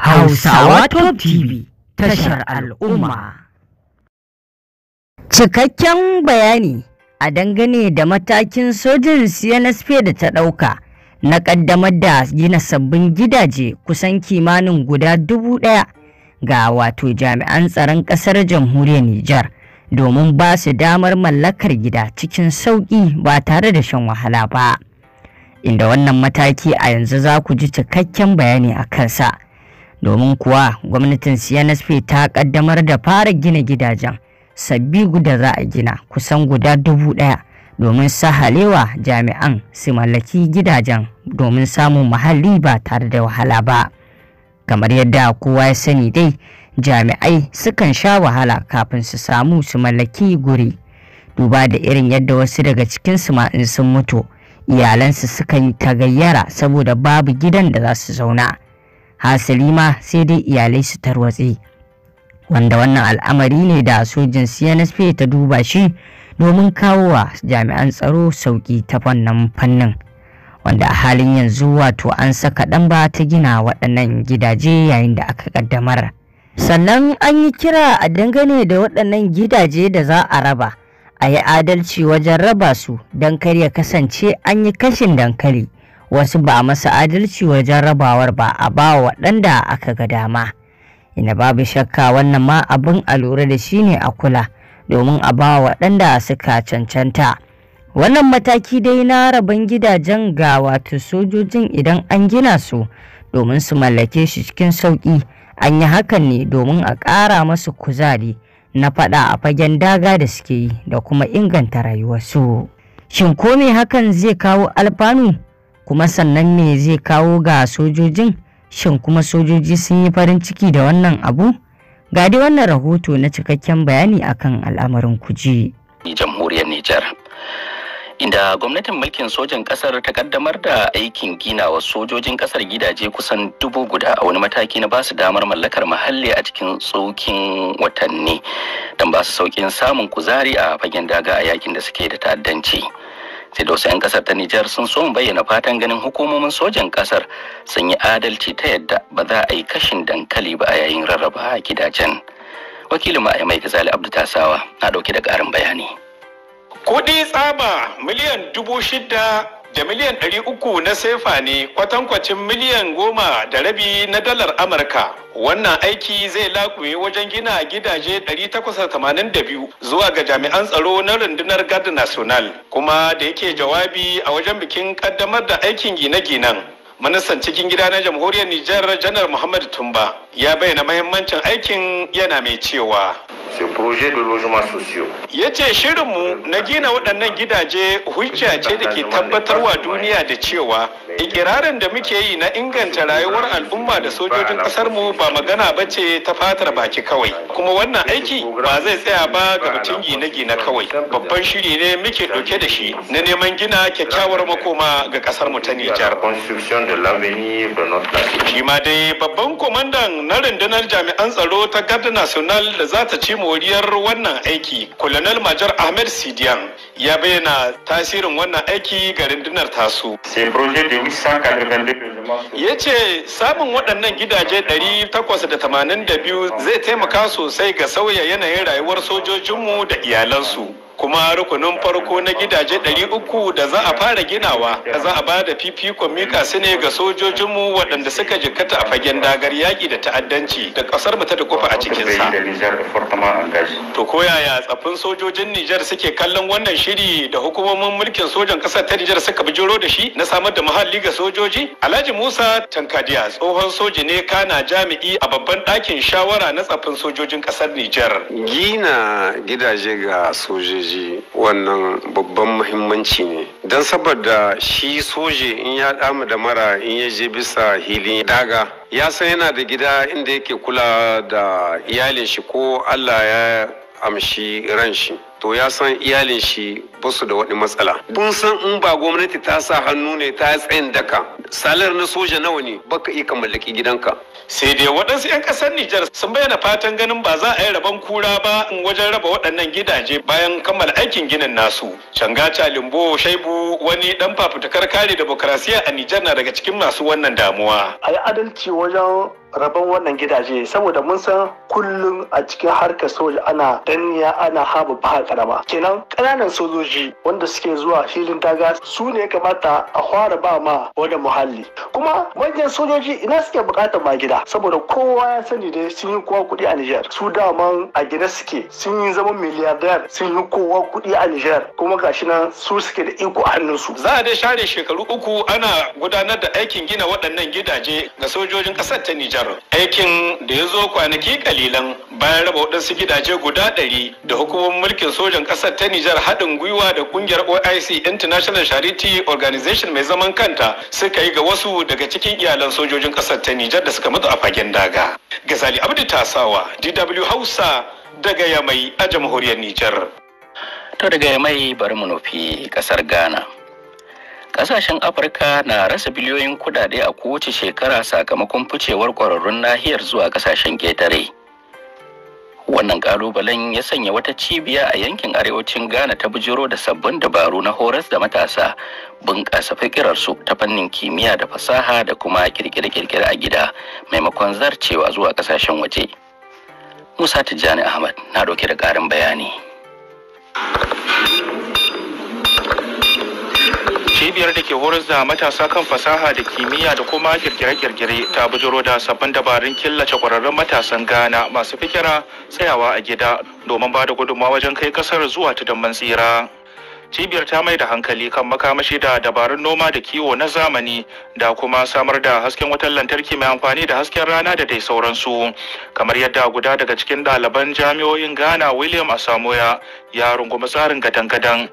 Hausawa Top TV tashar al'umma. Cikakken bayani a dangane da matakin sojin CNSP da ta ɗauka na ƙaddamar da gina sabbin gidaje kusan kimanin guda dubu ɗaya ga wato jami'an tsaron ƙasar jamhuriyar Nijar domin ba su damar mallakar gida cikin sauƙi ba tare da shan wahala ba. Inda wannan mataki a yanzu za ku ji cikakken bayani a kansa. domin kuwa gwamnatin cnsp ta kaddamar da fara gina gidajen sabbi guda za a gina kusan guda dubu ɗaya domin sahalewa jami'an su mallaki gidajen domin samun muhalli ba tare da wahala ba kamar yadda kowa ya sani dai jami'ai sukan sha wahala kafin su samu su mallaki guri duba da irin yadda wasu daga cikinsu ma in sun mutu iyalansu sukan tagayyara saboda babu gidan da za su zauna. hasali ma sai dai iyalai su tarwatse wanda wannan al'amari ne da sojin cnsp ta duba shi domin kawo wa jami'an tsaro sauki ta fannin fannin wanda a halin yanzu wato an saka ɗan ba ta gina waɗannan gidaje yayin da aka ƙaddamar sannan an yi kira a dangane da waɗannan gidaje da za a raba a yi adalci wajen raba su don kar ya kasance an yi kashin dankali wasu ba a masa adalci wajen rabawar ba a ba waɗanda aka ga dama ina babu shakka wannan ma abin a lura da shi ne a kula domin a ba waɗanda suka cancanta wannan mataki dai na rabon gidajen ga wato sojojin idan an gina su domin su mallake shi cikin sauƙi an yi hakan ne domin a ƙara masu kuzari na faɗa a fagen daga da suke yi da kuma inganta rayuwarsu. Shin ko me hakan zai kawo alfanu? kuma sannan me zai kawo ga sojojin shin kuma sojoji sun yi farin ciki da wannan abu ga dai wannan rahoto na cikakken bayani akan al'amarin kuji jamhuriyar Nijar inda gwamnatin mulkin sojan kasar ta kaddamar da aikin gina wa sojojin kasar gidaje kusan dubu guda a wani mataki na basu damar mallakar mahalli a cikin tsokin watanni don basu saukin samun kuzari a fagen daga a yakin da suke da ta'addanci. sai da wasu 'yan kasar ta Nijar sun so mu bayyana fatan ganin hukumomin sojan kasar sun yi adalci ta yadda ba za a yi kashin dankali ba a yayin rarraba a gidajen. Wakilin ma'aimai Gazali Abdu Tasawa na ɗauke da ƙarin bayani. Kuɗi tsaba miliyan dubu shida da miliyan uku na sefa ne kwatankwacin miliyan goma da rabi na dalar amurka wannan aiki zai lakume wajen gina gidaje 882 zuwa ga jami'an tsaro na rundunar garda national kuma da yake jawabi a wajen bikin kaddamar da aikin gine-ginen ministan cikin gida na jamhuriyar nijar janar muhammadu tumba ya bayyana mahimmancin aikin yana mai cewa ya ce shirinmu na gina waɗannan gidaje hujja ce da ke tabbatarwa duniya da cewa ikirarin da muke yi na inganta rayuwar al'umma da sojojin ƙasarmu ba magana ba ce ta fatar baki kawai kuma wannan aiki ba zai tsaya ba ga mutum gine-gine kawai babban shiri ne muke ɗauke da shi na neman gina kyakkyawar makoma ga ƙasarmu ta Nijar. Shi ma dai babban kwamandan na rundunar jami'an tsaro ta Garda National da za ta ci moriyar wannan aiki. Colonel Major Ahmed Sidiyan ya bayyana tasirin wannan aiki ga rundunar tasu. Ya ce samun waɗannan gidaje 882 zai taimaka sosai ga sauya yanayin rayuwar sojojinmu da iyalansu. kuma rukunin farko na gidaje 300 da za a fara ginawa za a ba da fifikon mika su ne ga sojojinmu waɗanda suka jikkata a fagen dagar yaƙi da ta'addanci da ƙasar mu ta da kufa a cikinsa. To ko yaya tsaffin sojojin Nijar suke kallon wannan shiri da hukumomin mulkin sojan ƙasar ta Nijar suka bijiro da shi na samar da muhalli ga sojoji? Alhaji Musa Tankadiya tsohon soji ne kana jami'i a babban ɗakin shawara na tsaffin sojojin ƙasar Nijar. Gina gidaje ga sojoji soji wannan babban muhimmanci ne don saboda shi soji in ya damu da mara in ya je bisa hilin daga ya san yana da gida inda yake kula da iyalin shi ko allah ya amshi ran shi to ya san iyalin shi basu da wani matsala. Kun san in ba gwamnati ta sa hannu ne ta tsayin daka. Salar na soja nawa ne baka iya mallaki gidanka. sai dai waɗansu 'yan ƙasar Nijar sun bayyana fatan ganin ba za a yi rabon kura ba in wajen raba waɗannan gidaje bayan kammala aikin ginin nasu. Cangaca Limbo Shaibu wani ɗan fafutukar kare demokrasiya a Nijar na daga cikin masu wannan damuwa. A yi adalci wajen rabon wannan gidaje saboda mun san kullum a cikin harkar soja ana danniya ana haɓa baha karama kenan ƙananan sojoji wanda suke zuwa filin daga su ne kamata a fara ba ma wani muhalli kuma manyan sojoji ina suke buƙatar ma gida saboda kowa ya sani da sun yi kowa kuɗi a Niger, su dama a gida suke sun yi zaman miliyardiyar sun yi kowa kuɗi a Niger, kuma gashi nan su suke da iko a hannunsu. Za a dai share shekaru uku ana gudanar da aikin gina waɗannan gidaje ga sojojin ƙasar ta Nijar. Bashar. Aikin da ya zo kwanaki kalilan bayan raba waɗansu gidaje guda ɗari da hukumomin mulkin sojan ƙasar ta Nijar haɗin gwiwa da ƙungiyar OIC International Charity Organization mai zaman kanta suka yi ga wasu daga cikin iyalan sojojin ƙasar ta Nijar da suka mutu a fagen daga. Gazali Abdu Tasawa, DW Hausa daga Yamai a jamhuriyar Nijar. To daga Yamai bari mu nufi ƙasar Ghana. Kasashen Afirka na rasa biliyoyin kudade a kowace shekara sakamakon ficewar ƙwararrun nahiyar zuwa kasashen ƙetare. Wannan ƙalubalen ya sanya wata cibiya a yankin arewacin Ghana ta bujiro da sabbin dabaru na horas da matasa bunƙasa fikirarsu ta fannin kimiyya da fasaha da kuma kirkire-kirkire a gida maimakon zarcewa zuwa kasashen waje. Musa Tijjani Ahmad na ɗauke da ƙarin bayani. cibiyar da ke horar da matasa kan fasaha da kimiyya da kuma kirkire-kirkire ta bujiro da sabbin dabarun killace kwararrun matasan ghana masu fikira tsayawa a gida domin ba da gudunmawa wajen kai kasar zuwa tudun tsira cibiyar ta mai da hankali kan makamashi da dabarun noma da kiwo na zamani da kuma samar da hasken wutar lantarki mai amfani da hasken rana da dai sauransu kamar yadda guda daga cikin ɗaliban jami'o'in ghana william asamoya ya rungumi tsarin gadan-gadan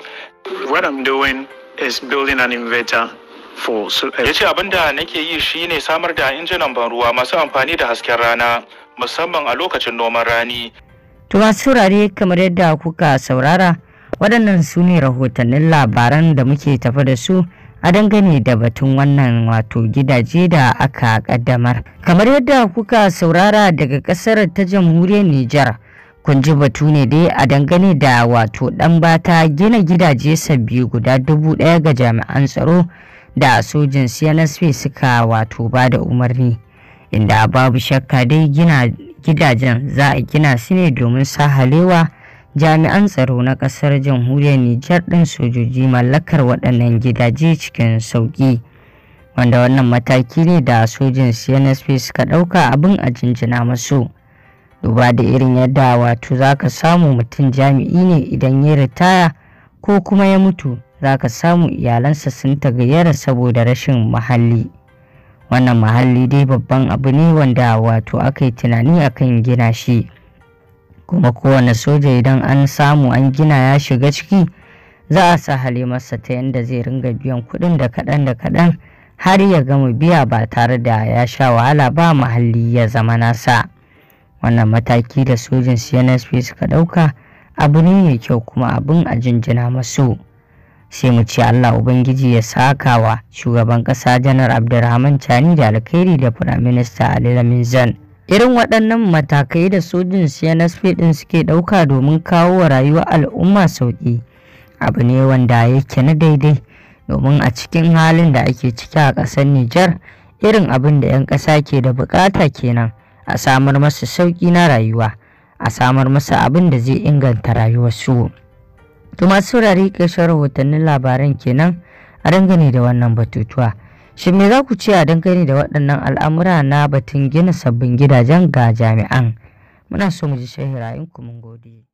is building an inverter for uh, ya ce abin da nake yi shine samar da injinan ban ruwa masu amfani da hasken rana musamman a lokacin noman rani to masu saurare kamar yadda kuka saurara waɗannan su ne rahotannin labaran da muke tafi da su a dangane da batun wannan wato gidaje da aka kaddamar kamar yadda kuka saurara daga ƙasar ta jamhuriyar Nijar. kun ji batu ne dai a dangane da wato dan bata gina gidaje sabbi guda dubu daya ga jami'an tsaro da sojin cnsp suka wato ba da umarni inda babu shakka dai gina gidajen za a gina su ne domin sahalewa jami'an tsaro na kasar jamhuriyar nijar ɗin sojoji mallakar waɗannan gidaje cikin sauki wanda wannan mataki ne da sojin cnsp suka ɗauka abin a jinjina masu duba da irin yadda wato za ka samu mutum jami'i ne idan ya ritaya ko kuma ya mutu za ka samu iyalansa sun tagayyara saboda rashin muhalli wannan muhalli dai babban abu ne wanda wato aka yi tunani akan gina shi kuma kowane soja idan an samu an gina ya shiga ciki za a sahale masa ta yadda zai ringa biyan kuɗin da kaɗan da kaɗan har ya gama biya ba tare da ya sha wahala ba muhalli ya zama nasa. wannan mataki da sojin cnsp suka ɗauka abu ne mai kyau kuma abin a jinjina masu sai mu ce allah ubangiji ya sakawa shugaban ƙasa janar abdulrahman Chani da alkhairi da firaminista ali lamin zan irin waɗannan matakai da sojin cnsp ɗin suke ɗauka domin kawo wa rayuwar al'umma sauƙi abu ne wanda yake na daidai domin a cikin halin da ake ciki a ƙasar Nijar irin abin da 'yan ƙasa ke da buƙata kenan a samar masa sauƙi na rayuwa a samar masa abin da zai inganta rayuwarsu to masu saurari ƙarshen rahotannin labaran kenan a dangane da wannan batutuwa shin me za ku ce a dangane da waɗannan al'amura na batun gina sabbin gidajen ga jami'an muna so mu ji shahira in mun gode